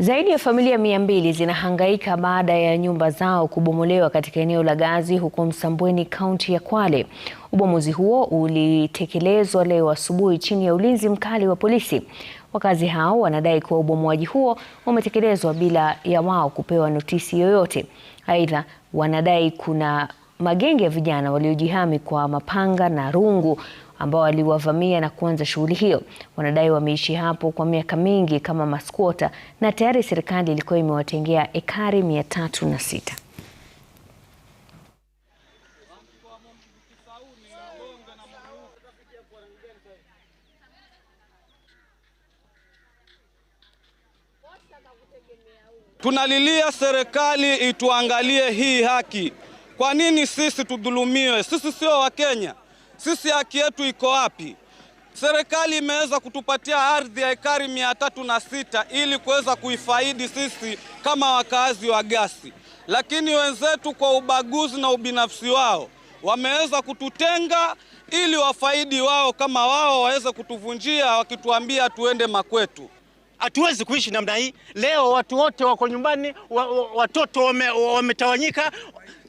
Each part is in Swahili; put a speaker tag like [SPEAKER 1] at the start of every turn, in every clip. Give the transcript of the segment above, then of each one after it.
[SPEAKER 1] Zaidi ya familia mia mbili zinahangaika baada ya nyumba zao kubomolewa katika eneo la Gazi huko Msambweni, kaunti ya Kwale. Ubomozi huo ulitekelezwa leo asubuhi chini ya ulinzi mkali wa polisi. Wakazi hao wanadai kuwa ubomoaji huo umetekelezwa bila ya wao kupewa notisi yoyote. Aidha, wanadai kuna magenge ya vijana waliojihami kwa mapanga na rungu ambao waliwavamia na kuanza shughuli hiyo. Wanadai wameishi hapo kwa miaka mingi kama maskwota na tayari serikali ilikuwa imewatengea ekari mia tatu na sita.
[SPEAKER 2] Tunalilia serikali ituangalie hii haki. Kwa nini sisi tudhulumiwe? Sisi sio Wakenya. Sisi haki yetu iko wapi? Serikali imeweza kutupatia ardhi ya ekari mia tatu na sita ili kuweza kuifaidi sisi kama wakazi wa Gasi, lakini wenzetu kwa ubaguzi na ubinafsi wao wameweza kututenga ili wafaidi wao kama wao waweze kutuvunjia, wakituambia tuende makwetu.
[SPEAKER 3] Hatuwezi kuishi namna hii. Leo watu wote wako nyumbani, watoto wametawanyika,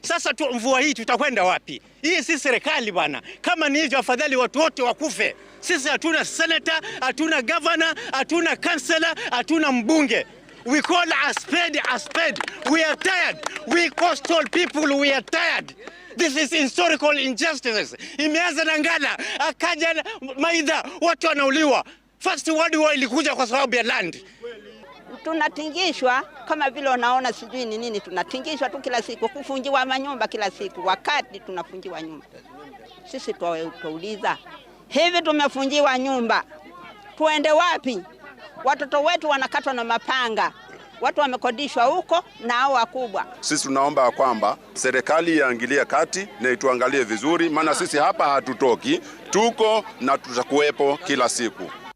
[SPEAKER 3] sasa tu mvua hii tutakwenda wapi? Hii si serikali bwana. Kama ni hivyo, afadhali watu wote wakufe. Sisi hatuna senata, hatuna governor, hatuna councillor, hatuna mbunge. We call a spade a spade. We are tired. We coastal people, we are tired. This is historical injustice. Imeanza na Ngala, akaja Maidha, watu wanauliwa. First World War ilikuja kwa sababu ya land
[SPEAKER 4] tunatingishwa kama vile unaona, sijui ni nini, tunatingishwa tu kila siku, kufungiwa manyumba kila siku. Wakati tunafungiwa nyumba, sisi twauliza, hivi tumefungiwa nyumba, tuende wapi? Watoto wetu wanakatwa na mapanga, watu wamekodishwa huko na hao wakubwa.
[SPEAKER 5] Sisi tunaomba kwamba serikali yaingilie kati na ituangalie vizuri, maana sisi hapa hatutoki, tuko na tutakuwepo kila siku.